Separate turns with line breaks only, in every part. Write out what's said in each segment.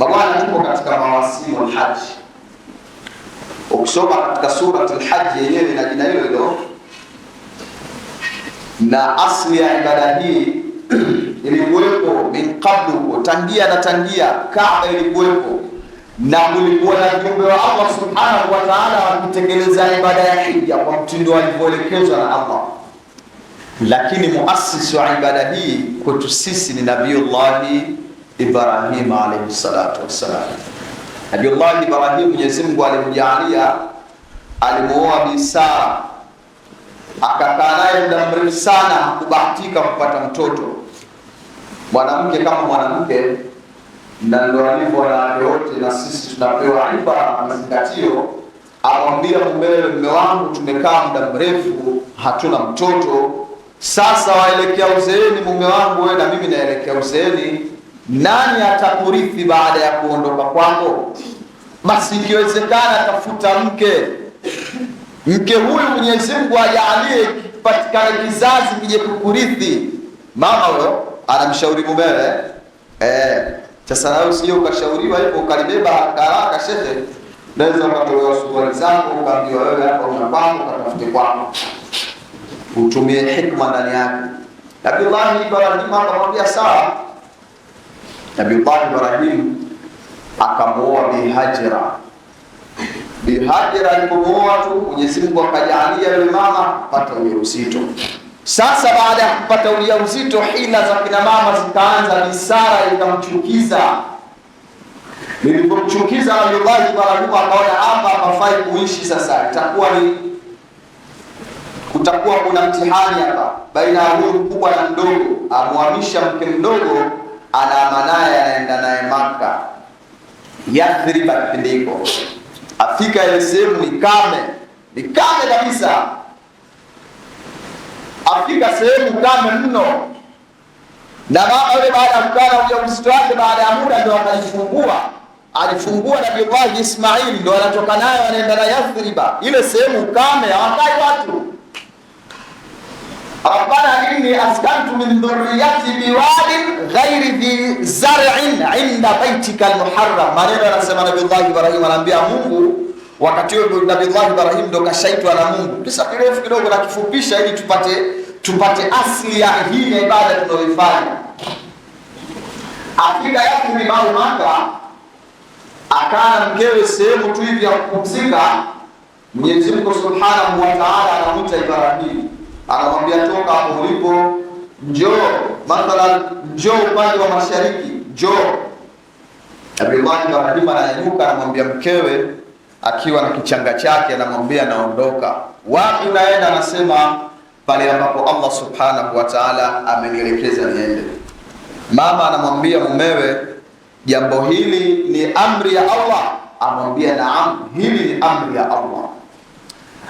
Mabwana, tuko katika mawasimu lhaji. Ukisoma katika surati lhaji yenyewe na jina hilo hilo, na asli ya ibada hii ilikuwepo min qablu, tangia na tangia Kaaba ilikuwepo na kulikuwa na viumbe wa Allah subhanahu wa ta'ala wakitekeleza ibada ya hija kwa mtindo alivyoelekezwa na Allah, lakini muasisi wa ibada hii kwetu sisi ni Allah Ibrahim alayhi salatu wassalam. Nabiullahi Ibrahim, Mwenyezi Mungu alimjalia, alimuoa Bi Sara, akakaa naye muda mrefu sana, kubahtika kupata mtoto. Mwanamke kama mwanamke na ndio wanawake wote, na sisi tunapewa iba mazingatio. Amwambia mumewe, mme wangu, tumekaa muda mrefu hatuna mtoto, sasa waelekea uzeeni. Mume wangu, wewe na mimi naelekea uzeeni nani atakurithi baada ya kuondoka kwako? Basi ikiwezekana atafuta mke, mke huyu Mwenyezi Mungu ajaalie kipatikane kizazi kije kukurithi. Mama huyo anamshauri mumewe eh, sasa nawe usije ukashauriwa hivyo ukalibeba haraka shehe, naweza ukatolewa suruali zangu ukaambiwa wewe hapa una kwangu, ukatafute kwangu, utumie hikma ndani yake. Nabii Allah ibrahim akamwambia sawa Nabiullahi Ibrahim akamuoa Bi Hajira. Bi Hajira alipomuoa tu Mwenyezi Mungu akajalia yule mama kupata ujauzito. Sasa baada ya kupata ujauzito, hila za kina mama zikaanza, Bisara ikamchukiza nilipomchukiza Nabiullahi Ibrahim akaona hapa hapafai kuishi. Sasa itakuwa ni kutakuwa kuna mtihani hapa baina ya huyu mkubwa na mdogo, amuamisha mke mdogo anaama naye, anaenda naye Maka, Yathriba kipindi hiko, afika ile sehemu ni kame, ni kame kabisa. Afika sehemu kame mno, na mama yule baada ya kukana ujauzito wake, baada ya muda ndo akajifungua alifungua Nabii Allah Ismail, ndo anatoka nayo anaenda na Yathriba, ile sehemu kame, hawakai watu Rabbana inni askantu min dhurriyyati biwadin ghairi dhi zar'in inda baitika almuharram. Maneno yanasema Nabiyullah Ibrahim anaambia Mungu wakati huo Nabiyullah Ibrahim ndo kashaitwa na Mungu. Kisa kirefu kidogo na kifupisha, ili tupate tupate asili ya hii ibada tunayoifanya. Akida yake ni Imam Maka akaa mkewe sehemu tu hivi ya kupumzika, Mwenyezi Mungu Subhanahu wa Ta'ala anamuita Ibrahim anamwambia toka hapo ulipo, njoo mathalan, njoo upande wa mashariki, njoo. Abdullahi bin Ibrahim ananyanyuka, anamwambia mkewe akiwa na kichanga chake, anamwambia naondoka. Wapi naenda? Anasema pale ambapo Allah subhanahu wa ta'ala amenielekeza niende. Mama anamwambia mumewe, jambo hili ni amri ya Allah. Amwambia naam, hili ni amri ya Allah.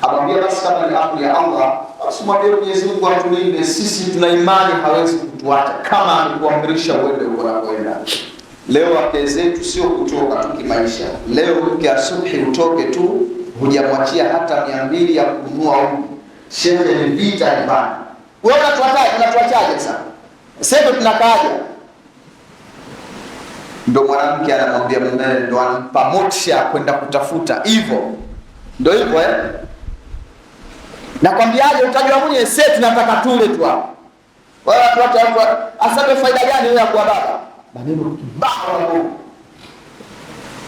Amwambia basi, kama ni amri ya Allah basi mwambie Mwenyezi Mungu atulinde sisi, tuna imani hawezi kutuacha kama alikuamrisha uende unakwenda. Leo wake zetu sio kutoka tu kimaisha. Leo mke asubuhi utoke tu, hujamwachia hata mia mbili ya kununua huko. Shehe ni vita nyumbani. Wewe unatuachaje? Unatuachaje sasa Sasa tunakaaje? Ndio mwanamke anamwambia mume, ndio anampa motisha kwenda kutafuta hivyo. Ndio hivyo eh? Nakwambiaje, utajua mwenye sisi nataka tule tu hapo. Wala watu watu asabe faida gani wewe kwa baba? Maneno kibao hapo.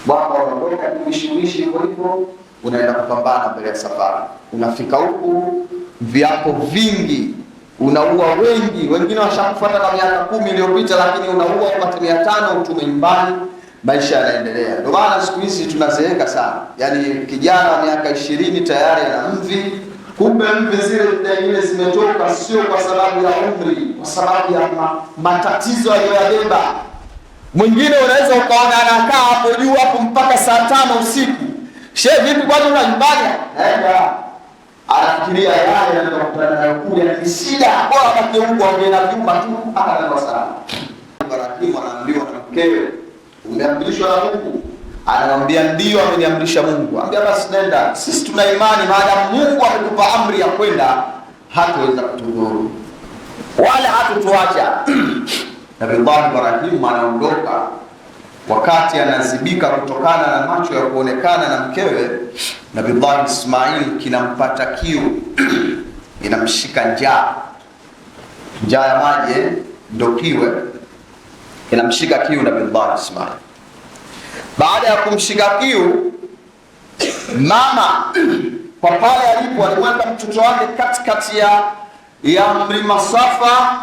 Bwana anaondoka kuishirishi hivyo hivyo, unaenda kupambana mbele ya safari. Unafika huku viapo vingi, unaua wengi, wengine washakufuata na miaka kumi iliyopita, lakini unaua upate mia tano utume nyumbani, maisha yanaendelea. Ndio maana siku hizi tunazeeka sana, yaani kijana wa miaka ishirini tayari ana mvi Kumbe mpe zile nyingine zimetoka, sio kwa sababu ya umri, kwa sababu ya ma, matatizo aliyoyabeba. Mwingine unaweza ukaona anakaa hapo juu hapo mpaka saa tano usiku. Shehe, vipi kwanza unajumbani? Naenda anafikiria yale anayokutana nayo kule ni shida, bora baki huko aongee na vyuma tu mpaka anaenda salama. Barakimu anaambiwa na mkewe, umeambilishwa na Mungu anamwambia ndio, ameniamrisha Mungu. Ambia basi nenda, sisi tuna imani, maadamu Mungu amekupa amri ya kwenda, hataweza kutudhuru wala hatutuacha. Nabillahi Ibrahimu anaondoka, wakati anazibika kutokana na macho ya kuonekana na mkewe. Nabillahi Ismail kinampata kiu inamshika njaa, njaa ya maji eh, ndokiwe inamshika kiu Nabillahi Ismail baada ya kumshika kiu, mama kwa pale alipo alimweka mtoto wake katikati ya ya mlima Safa,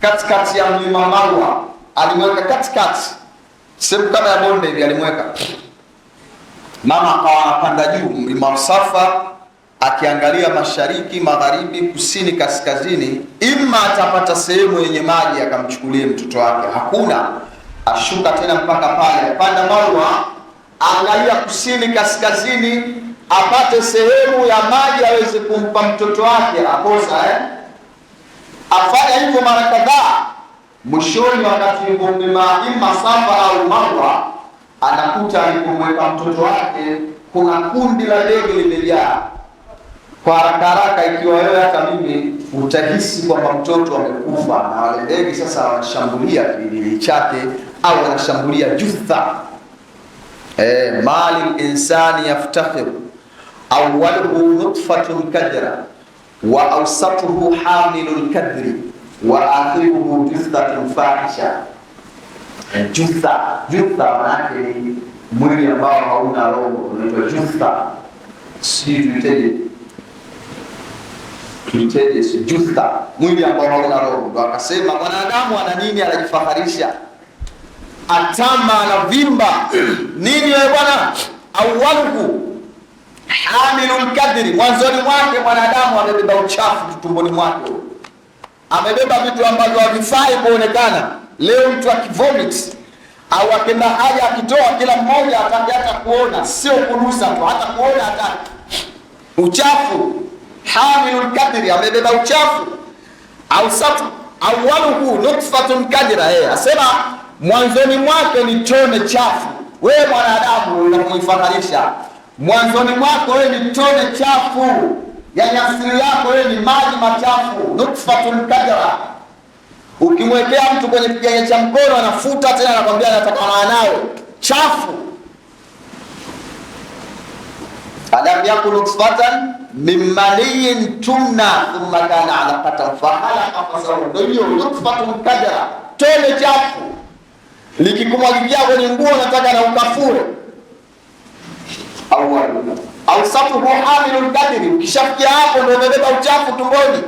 katikati ya mlima Marwa, alimweka katikati, sehemu kama ya bonde hivi alimweka mama, akawa anapanda juu mlima Safa akiangalia mashariki, magharibi, kusini, kaskazini, ima atapata sehemu yenye maji akamchukulie mtoto wake. Hakuna ashuka tena mpaka pale apanda Marwa, angalia kusini, kaskazini, apate sehemu ya maji aweze kumpa mtoto wake akosa eh? Afanya hivyo mara kadhaa. Mwishoni, wakati yuko mlima ima Safa au Marwa, anakuta alipomweka mtoto wake kuna kundi la ndege limejaa. Kwa haraka haraka, ikiwa wewe hata mimi, utahisi kwamba mtoto amekufa, na wale ndege sasa wanashambulia kidili chake au anashambulia jutha e, eh, mali linsani yaftakhiru awwaluhu nutfatun kadra wa awsatuhu hamilul kadri wa akhiruhu juthatun fahisha. Jutha, jutha manake ni mwili ambao hauna roho unaitwa jutha, si tuiteje? Tuiteje? si jutha, mwili ambao hauna roho. Ndo akasema mwanadamu ana nini, anajifaharisha atama anavimba nini wewe bwana? Awaluhu hamilu kadhiri, mwanzoni mwake mwanadamu amebeba uchafu tumboni mwake, amebeba vitu ambavyo havifai kuonekana. Leo mtu akivomit au akenda haja akitoa, kila mmoja hataki hata kuona, sio kudusa tu, hata kuona hataki. Uchafu hamilu kadhiri, amebeba uchafu. Au satu awaluhu nutfatun kadira eh, asema mwanzoni mwake ni tone chafu. Wewe mwanadamu unamwifananisha, mwanzoni mwako wewe ni tone chafu, yaani asili yako wewe ni maji machafu, nutfatun kadra. Ukimwekea mtu kwenye kiganja cha mkono anafuta tena, anakwambia anatokana nayo chafu. alam yakun nutfatan min tumna thumma kana alaqatan fakhalaqa fasawa, ndio nutfatun tone chafu likikumwagikia kwenye nguo nataka na ukafure ausafuhu au kadiri. Ukishafikia hapo ndio umebeba uchafu tumboni,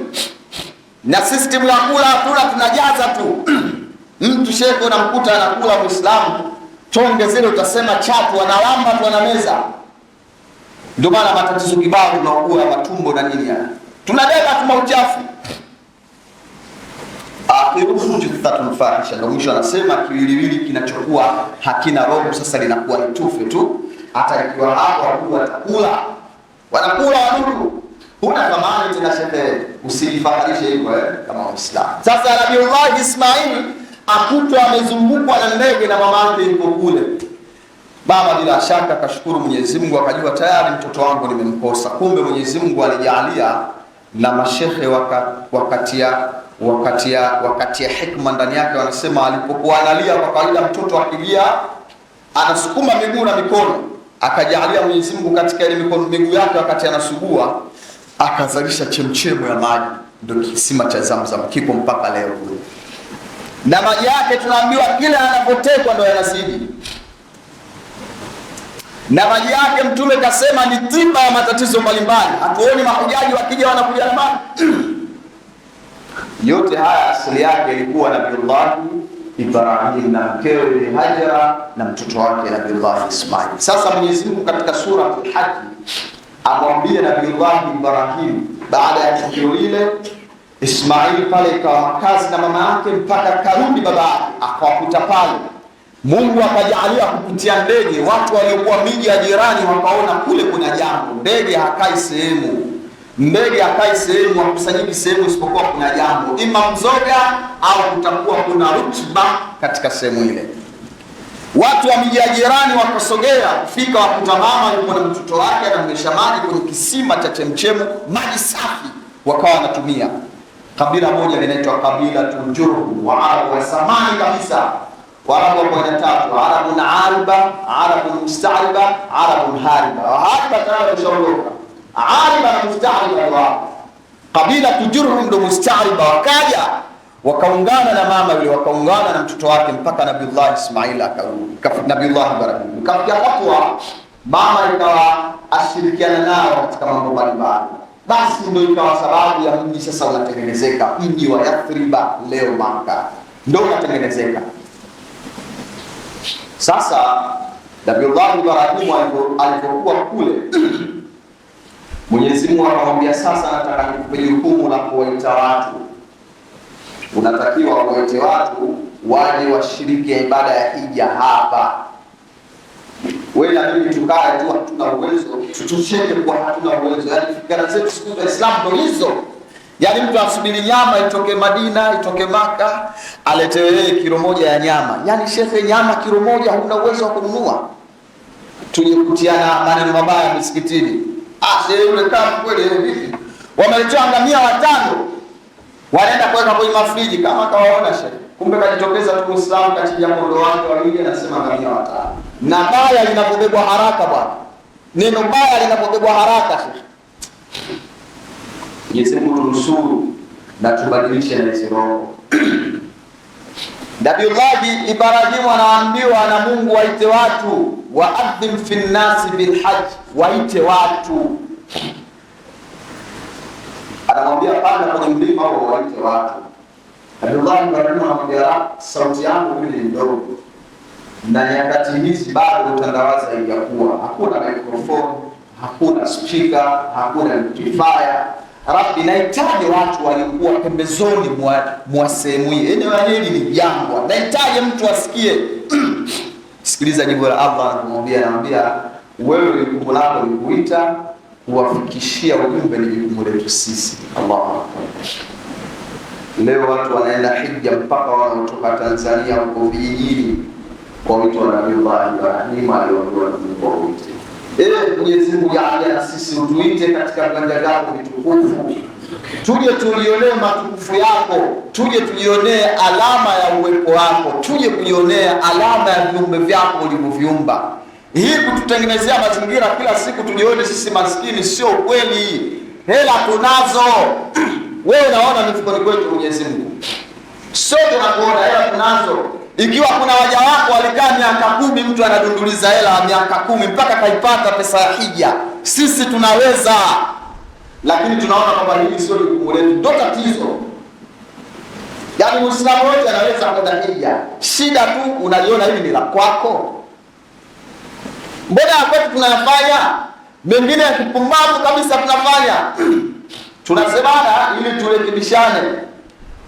na system ya kula hatuna, tunajaza tu mtu shekhe, unamkuta anakula Muislamu chonge zile, utasema chatu, analamba tu, ana meza. Ndio maana matatizo kibao tunaugua matumbo na nini, tunabeba tu mauchafu akhiruhu juhdatun mfahisha, ndio mwisho anasema kiwiliwili kinachokuwa hakina roho sasa linakuwa itufe tu. Hata ikiwa hapo wadudu watakula, wanakula wadudu, huna thamani tena. Shehe, usijifaharishe hivyo eh, kama Muislamu. Sasa Nabiullahi Ismail akutwa amezungukwa na ndege na mama yake yuko kule. Baba bila shaka akashukuru Mwenyezi Mungu, akajua tayari mtoto wangu nimemkosa. Kumbe Mwenyezi Mungu alijalia na mashehe waka, wakati ya hikma ndani yake wanasema, alipokuwa analia kwa kawaida mtoto akilia anasukuma miguu na mikono, akajalia Mwenyezi Mungu katika ile mikono miguu yake wakati anasugua akazalisha chemchemo ya maji, ndio kisima cha Zamzam kipo mpaka leo, na maji yake tunaambiwa kila anapotekwa ndio yanazidi na maji yake Mtume kasema ni tiba ya matatizo mbalimbali. Hatuoni mahujaji wakija wanakuja na maji yote haya asili yake ilikuwa Nabiullahi Ibrahim na mkewe Hajara na mtoto wake Nabiullahi Ismail. Sasa Mwenyezi Mungu katika Suratul Hajj amwambie Nabiullahi Ibrahim baada ya tukio lile, Ismail pale ikawa makazi na mama yake mpaka karudi baba yake akawakuta pale Mungu akajalia kupitia ndege watu waliokuwa miji ya jirani wakaona kule kuna jambo. Ndege hakai sehemu, ndege hakai sehemu, hakusanyiki sehemu isipokuwa kuna jambo, ima mzoga au kutakuwa kuna rutuba katika sehemu ile. Watu wa miji ya jirani wakasogea kufika, wakutamama yuko na mtoto wake anamlisha maji kwenye kisima cha chemchemu, maji safi, wakawa wanatumia. Kabila moja linaitwa kabila Tunjuru, Waarabu wa samani kabisa Waarabu wa aina tatu, arabun aliba, arabun mustariba, arabun hariba. Wahariba tayari tushaondoka, aliba na mustariba ni wapo. Kabila tujuru ndo mustariba, wakaja wakaungana na mama yule, wakaungana na mtoto wake mpaka Nabiullah Ismail akarudi, Nabiullah Ibrahim kafikia hatua mama ikawa ashirikiana nao katika mambo mbalimbali. Basi ndio ikawa sababu ya mji sasa unatengenezeka, mji wa Yathriba leo Maka ndio unatengenezeka. Sasa Nabiullahi Ibrahimu alipokuwa kule Mwenyezi Mungu akamwambia, sasa nataka nikupe jukumu la kuwaita watu. Unatakiwa kuwaite watu waje washiriki ibada ya hija hapa. Wewe na mimi tukae tu, hatuna uwezo, tutosheke kwa hatuna uwezo, yaani fikra zetu siku za Islamu ndo hizo. Yaani mtu asubiri nyama itoke Madina itoke Maka aletewe yeye kilo moja ya nyama. Yaani shehe, nyama kilo moja huna uwezo wa kununua. Tulikutiana maneno mabaya misikitini. Ah, shehe yule kama kweli yeye vipi? Wameletewa ngamia watano. Wanaenda kuweka kwenye mafriji kama kawaona shehe. Kumbe kajitokeza tu Muislamu kati ya mondo wake wawili anasema ngamia watano. Na baya linapobebwa haraka bwana. Neno baya linapobebwa haraka shehe. Mwenyezi Mungu nusuru na tubadilishe na hizo roho. Nabiyullahi Ibrahimu anaambiwa na Mungu waite watu, waadhim fi nnasi bilhaji, waite watu. Anamwambia panda kwenye mlima huo, waite watu. Nabiyullahi Ibrahimu anamwambia sauti yangu mimi ni ndogo, na nyakati hizi bado utandawazi haijakuwa, hakuna mikrofoni, hakuna spika, hakuna amplifier Rabbi, nahitaji watu walikuwa pembezoni mwa sehemu hii, eneo hili ni jangwa, nahitaji mtu asikie. Sikiliza jibu la Allah anamwambia anamwambia wewe, jukumu lako ni kuita, kuwafikishia ujumbe ni jukumu letu sisi. Allah, leo watu wanaenda hija mpaka wanaotoka Tanzania huko vijijini, kwa wito wa Nabii Allah Ibrahim aliondoa na Mungu Ee Mwenyezi Mungu, jalia na sisi utuite katika viwanja vyako vitukufu, tuje tulionee matukufu yako, tuje tulionee alama ya uwepo wako, tuje kujionee alama ya viumbe vyako ulivyoviumba. Hii kututengenezea mazingira kila siku tujione sisi maskini sio kweli. Hela tunazo wewe unaona mifukoni kwetu Mwenyezi Mungu, sote tunakuona, hela tunazo ikiwa kuna waja wako walikaa miaka kumi, mtu anadunduliza hela miaka kumi mpaka kaipata pesa ya hija. Sisi tunaweza, lakini tunaona kwamba hili sio jukumu letu, ndo tatizo. Yaani muislamu wote anaweza kwenda hija, shida tu unaliona hili ni la kwako. Mbona kwetu tunayafanya, mengine ya kipumbavu kabisa tunafanya tunasemana ili turekebishane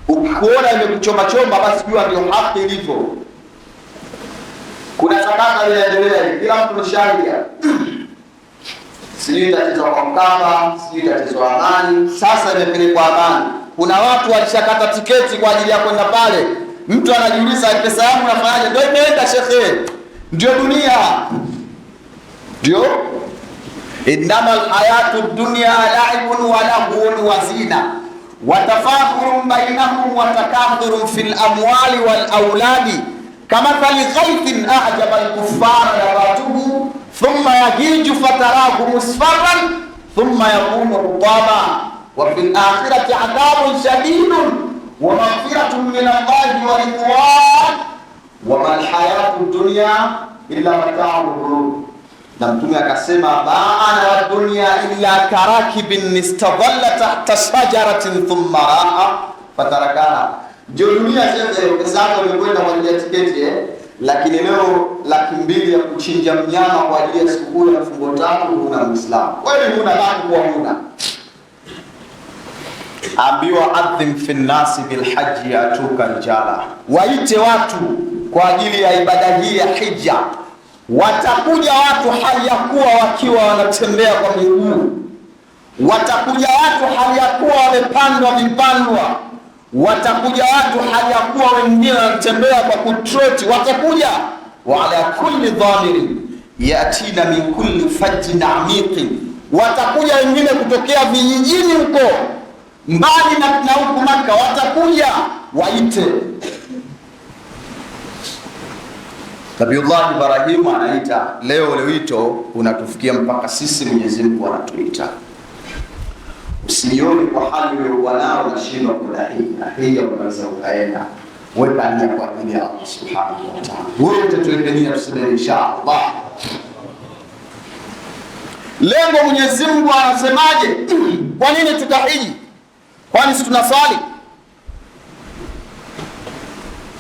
Ukikuona imekuchoma choma, basi jua ndio haki ilivyo. Kuna sakata linaendelea, kila mtu msharia sijui tatizo kwa Mkapa, sijui tatizo amani, sasa imepelekwa amani. Kuna watu walishakata tiketi kwa ajili ya kwenda pale, mtu anajiuliza pesa yangu nafanyaje? Ndio imeenda shekhe, ndio dunia, ndio innamal hayatu dunya laibun wa lahun wa zina watafakhurun bainahum watakathurun fil amwali wal auladi kamathali ghaithin ajaba alkuffara nabatuhu thumma yahiju fatarahu musfarran thumma yakunu rutaba wa fil akhirati adhabun shadidun wa maghfiratun min Allahi wa ridwan wa ma dunya illa mata'ul na Mtume akasema maana wa dunya illa karakibin istadalla tahta shajaratin thumma raa fatarakaha, ndio dunia sasa, zako imekwenda kwa ajili ya tiketi eh, lakini leo laki mbili ya kuchinja mnyama kwa ajili ya sikukuu ya fungo tatu, huna Muislamu kweli, huna dhambi kwa huna ambiwa adhim fi nnasi bilhaji yatuka rijala, waite watu kwa ajili ya ibada hii ya hija Watakuja watu hali ya kuwa wakiwa wanatembea kwa miguu, watakuja watu hali ya kuwa wamepandwa vipandwa, watakuja watu hali ya kuwa wengine wanatembea kwa kutroti, watakuja wa ala kulli dhamirin yatina min kulli fajjin amiqi, watakuja wengine kutokea vijijini huko mbali na huku Maka, watakuja waite Nabiullahi Ibrahim anaita leo, ule wito unatufikia mpaka sisi. Mwenyezi Mungu anatuita, usijione kwa hali wanao nashindwa kudahia hiyo, unaweza ukaenda weka nia kwa ajili ya Allah subhanahu wa ta'ala, wote tuendenia tuseme Allah. Lengo Mwenyezi Mungu anasemaje? Kwa nini tutahiji? Kwani si tunaswali?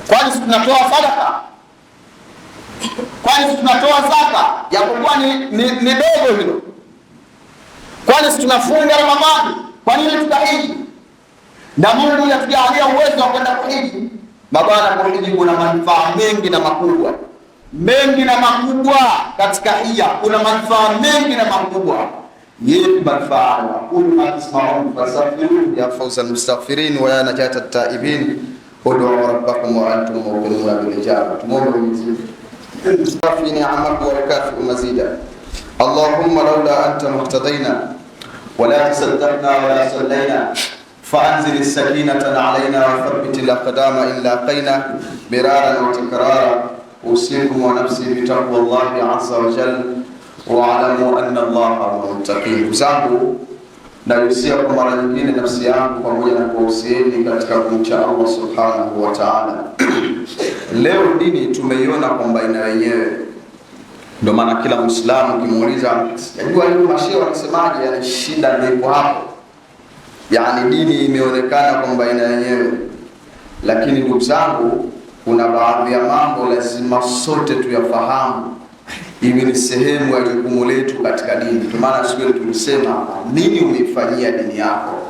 Kwani si tunatoa sadaka kwani tunatoa zaka japokuwa ni, ni, ni dogo hilo? Kwani si tunafunga Ramadhani? Kwa nini tutahiji? Na Mungu yatujalia uwezo wa kwenda kuhiji. Mabwana, kuhiji kuna manufaa mengi na makubwa mengi na makubwa katika hija, kuna manufaa mengi na makubwa yetu manufaa ya fawza almustaghfirin wa ya najata taibin, ud'u rabbakum wa antum muqinuna bil ijaba. Tumwombe Mwenyezi Mungu وفي نعمك ويكافئ مزيدا اللهم لولا أنت مهتدينا ولا تصدقنا ولا صلينا فأنزل السكينة علينا وثبت الأقدام إن لاقينا مرارا وتكرارا أوصيكم ونفسي بتقوى الله عز وجل واعلموا anna الله متقين Ndugu zangu, nausia kwa mara nyingine nafsi yangu pamoja na kuwausieni katika kumcha Allah subhanahu wa ta'ala. Leo dini tumeiona kwamba ina wenyewe, ndio maana kila Muislamu ukimuuliza mashia wanasemaje, yani shida ndipo hapo, yani dini imeonekana kwamba ina wenyewe. Lakini ndugu zangu, kuna baadhi ya mambo lazima sote tuyafahamu, hivi ni sehemu ya jukumu letu katika dini. Kwa maana siku ile tulisema, nini umeifanyia dini yako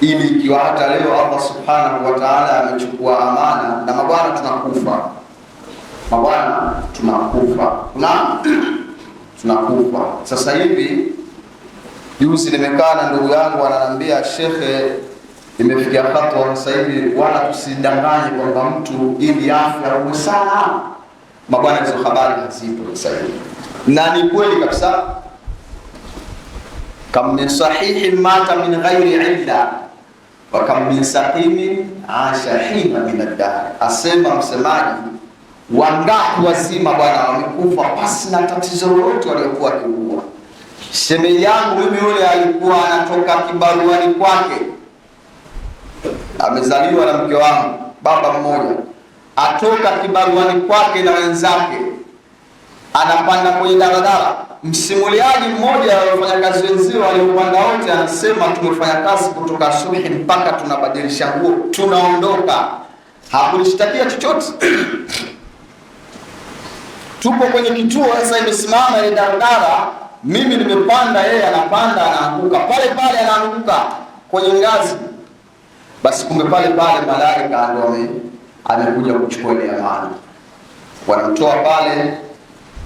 ili ikiwa hata leo Allah subhanahu wa ta'ala amechukua amana, na mabwana tunakufa, mabwana tunakufa, kuna tunakufa. Sasa hivi juzi nimekaa na ndugu yangu ananiambia, shekhe, imefikia hatua sasa hivi wala tusidanganye kwamba mtu ili afya uwe sana. Mabwana, hizo habari hazipo sasa hivi, na ni kweli kabisa, kam mata min ghairi illa wakammin saqimin asha hina minadari, asema msemaji, wangapi wazima Bwana wamekufa pasi na tatizo lolote waliokuwa wakiugua. Shemeji yangu mimi yule alikuwa anatoka kibaruani kwake, amezaliwa na mke wangu, baba mmoja, atoka kibaruani kwake na wenzake anapanda kwenye daladala. Msimuliaji mmoja aliyofanya kazi wenzio aliyopanda wote anasema tumefanya kazi kutoka asubuhi mpaka tunabadilisha nguo tunaondoka, hakulishtakia chochote tupo kwenye kituo sasa, imesimama ile daladala, mimi nimepanda, yeye anapanda, anaanguka pale pale, anaanguka kwenye ngazi. Basi kumbe pale pale malaika ndo amekuja kuchukua ile amana, wanamtoa pale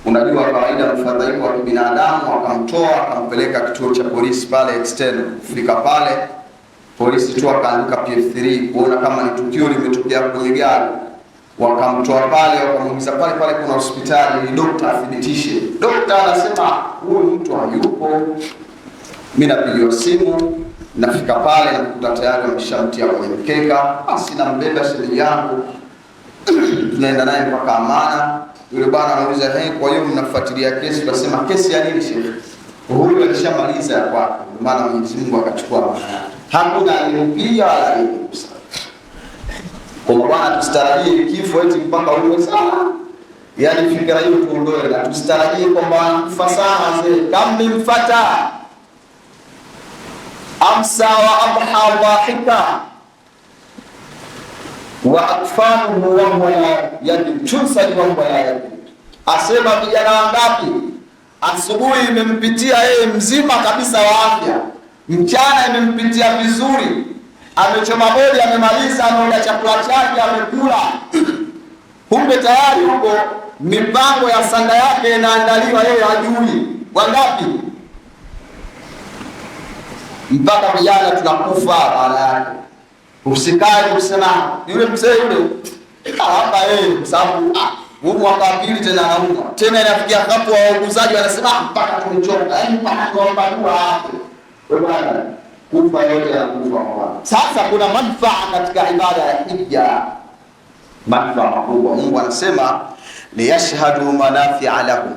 Unajua kawaida mfadhaiko wa kibinadamu, akamtoa akampeleka kituo cha polisi pale external. Kufika pale polisi tu akaandika PF3 kuona kama ni tukio limetokea kwenye gari, wakamtoa pale wakamuuliza pale pale kuna hospitali ni dokta athibitishe. Dokta anasema huyu mtu hayupo. Mimi napigiwa simu, nafika pale nakuta tayari wameshamtia kwenye mkeka, basi nambeba shemeji yangu tunaenda naye mpaka Amana yule bwana anauliza hey, kwa hiyo mnafuatilia kesi? Tunasema kesi ya nini shekhi? Huyu alishamaliza ya kwako, ndio maana Mwenyezi Mungu akachukua, hakuna aliyempiga wala aliyemgusa. Kwa bwana, tusitarajie kifo eti mpaka uwe sawa. Yaani fikra hiyo tuondoe, na tusitarajie kwamba wanakufa sana zile kam mfata amsa wa abha wa wa atfaluhu wahwa yajusani ya yayaku, asema vijana wangapi asubuhi imempitia yeye mzima kabisa wa afya, mchana imempitia vizuri, amechoma bodi, amemaliza, ameoda chakula chake, amekula kumbe tayari huko mipango ya sanda yake inaandaliwa, yeye ajui Wangapi mpaka vijana tunakufa baada yake Usikae kusema yule mzee yule kaamba yeye kwa sababu huu ah, mwaka wa pili tena anauma. Tena inafikia hapo wauguzaji wanasema ah, mpaka tumechoka. Yaani eh, mpaka tuomba dua Wewe bwana kufa yote ya kufa Sasa kuna manufaa katika ibada ya Hija. Manufaa makubwa. Mungu anasema liyashhadu manafia lahum.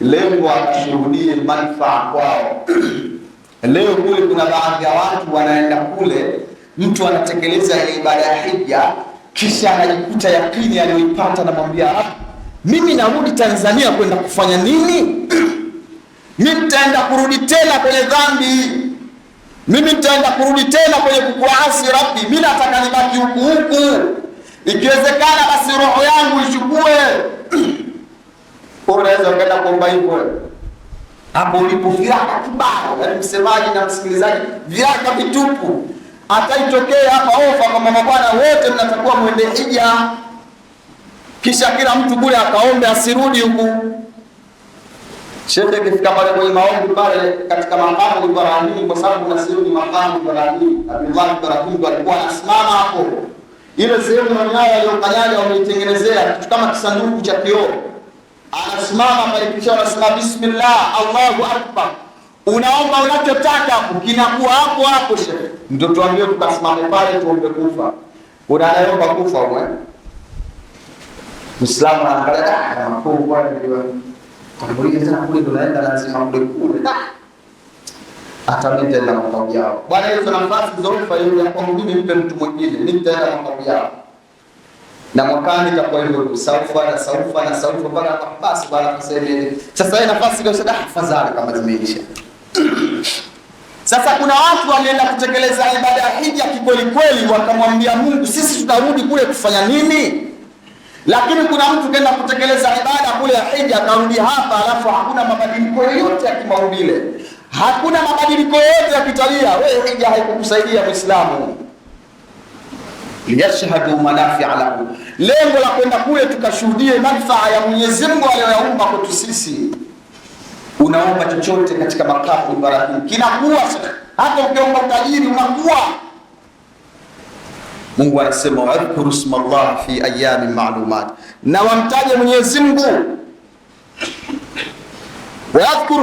Lengo akushuhudie manufaa kwao. Leo kule kuna baadhi ya watu wanaenda kule mtu anatekeleza ile ibada ya hija kisha anajikuta yakini aliyoipata, anamwambia ah, mimi narudi Tanzania kwenda kufanya nini? mimi nitaenda kurudi tena kwenye dhambi, mimi nitaenda kurudi tena kwenye kukuasi Rabbi, mimi nataka nibaki huku huku, ikiwezekana basi roho yangu ichukue. Unaweza ukaenda kuomba hivyo hapo ulipo, viraka kibao, yaani msemaji na msikilizaji, viraka vitupu Ataitokea hapa ofa kwamba mabwana wote mnatakuwa mwende hija, kisha kila mtu kule akaombe asirudi huku. Shehe kifika pale kwenye maombi pale katika makamu Ibrahim, kwa sababu nasirudi makamu Ibrahim, Abdullah Ibrahim alikuwa anasimama hapo. Ile sehemu ya nyayo aliyokanyaga wameitengenezea kitu kama kisanduku cha kioo, anasimama pale, kisha anasema bismillah, Allahu akbar unaomba unachotaka ukinakuwa hapo hapo. ndio tuambie tukasimame pale tuombe kufa, Unaomba kufa mwe eh? Muislamu anaangalia kama ah, kwa kwa ndio tambulia tena kule tunaenda lazima kule kule ah! atamita na mambo yao. Bwana Yesu ana nafasi zote kwa yule kwa mimi mpe mtu mwingine, nitaenda mambo yao. Na mwakani itakuwa hivyo saufa na saufa na saufa, bwana basi bwana kusema sasa, nafasi kwa sada afadhali kama zimeisha sasa kuna watu walienda kutekeleza ibada ya hija kikweli kweli, wakamwambia Mungu, sisi tutarudi kule kufanya nini? Lakini kuna mtu kaenda kutekeleza ibada kule ya hija akarudi hapa, alafu hakuna mabadiliko yoyote ya kimaumbile, hakuna mabadiliko yoyote ya kitalia. Wewe hija haikukusaidia Muislamu. liyashhadu manafia lahu, lengo la kwenda kule tukashuhudie manfaa ya Mwenyezi Mungu aliyoyaumba kwetu sisi unaomba chochote katika makafu barakini kinakuwa hata ukiomba utajiri unakuwa. Mungu anasema wadhkuru sma llah fi ayamin ma'lumat, na wamtaje Mwenyezi Mungu.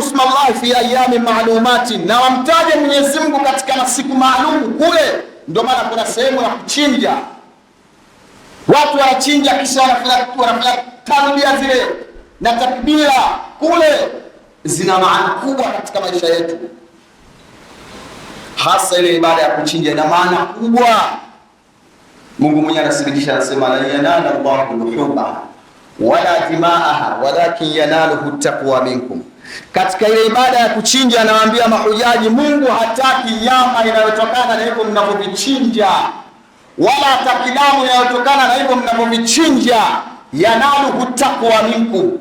sma llah fi ayamin ma'lumat, na wamtaje Mwenyezi Mungu katika masiku maalum. Kule ndio maana kuna sehemu ya kuchinja, watu wanachinja kisha wanafanya tarbia zile na takbira kule zina maana kubwa katika maisha yetu, hasa ile ibada ya kuchinja ina maana kubwa. Mungu mwenyewe anasibitisha, anasema la yanala Allahu luhuma wala dimaaha walakin yanaluhu taqwa minkum. Katika ile ibada ya kuchinja anawaambia mahujaji, Mungu hataki nyama inayotokana na hivyo mnavyovichinja, wala hataki damu inayotokana na hivyo mnavyovichinja. Yanaluhu taqwa minkum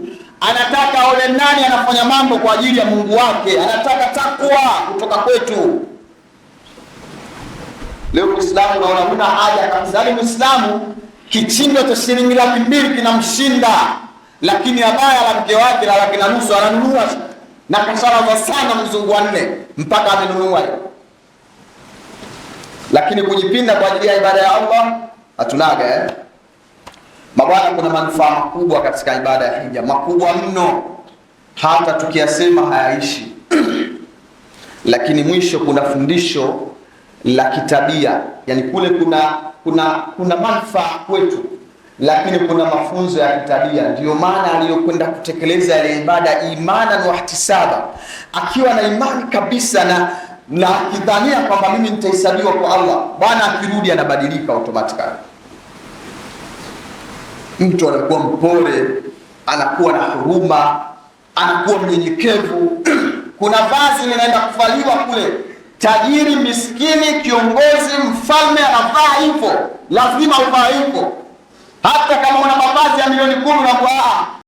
anataka aone nani anafanya mambo kwa ajili ya Mungu wake, anataka takwa kutoka kwetu. Leo Muislamu unaona huna haja kabisa, yaani Muislamu kichindo cha shilingi laki mbili kinamshinda, lakini abaya la mke wake la laki na nusu ananunua na kasara za sana mzungu wanne mpaka amenunua. Lakini kujipinda kwa ajili ya ibada ya Allah hatunaga eh? Mabwana, kuna manufaa makubwa katika ibada ya hija, makubwa mno, hata tukiyasema hayaishi lakini mwisho kuna fundisho la kitabia, yani kule kuna kuna kuna manufaa kwetu, lakini kuna mafunzo ya kitabia. Ndiyo maana aliyokwenda kutekeleza ile ibada imanan wahtisaba, akiwa na imani kabisa na na akidhania kwamba mimi nitahesabiwa kwa Allah, Bwana akirudi anabadilika automatically mtu anakuwa mpole, anakuwa na huruma, anakuwa mnyenyekevu. Kuna vazi linaenda kuvaliwa kule, tajiri, miskini, kiongozi, mfalme anavaa hivyo, lazima uvaa hivyo, hata kama una mavazi ya milioni kumi na